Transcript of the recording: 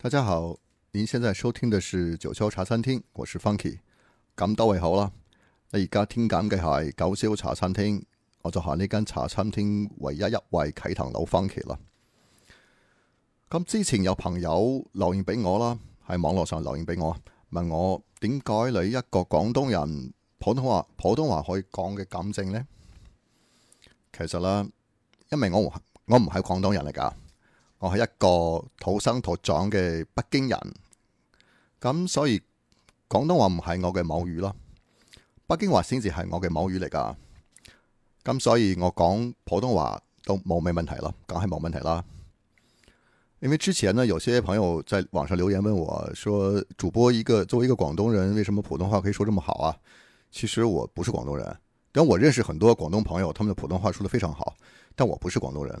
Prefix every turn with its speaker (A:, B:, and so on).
A: 大家好，您現在收聽的是九霄茶餐廳，我是 Funky，咁多位好啦，嗱而家聽緊嘅係九霄茶餐廳，我就係呢間茶餐廳唯一一位啟騰佬 Funky 啦。咁之前有朋友留言俾我啦，喺網絡上留言俾我，問我點解你一個廣東人普通話普通話可以講嘅咁正呢？其實啦，因為我我唔係廣東人嚟噶。我係一個土生土長嘅北京人，咁所以廣東話唔係我嘅母語咯，北京話先至係我嘅母語嚟㗎，咁所以我講普通話都冇咩問題咯，梗係冇問題啦。因為之前呢，有些朋友在網上留言問我說，說主播一個作為一個廣東人，為什麼普通話可以說這麼好啊？其實我不是廣東人，跟我認識很多廣東朋友，他們嘅普通話說得非常好，但我不是廣東人。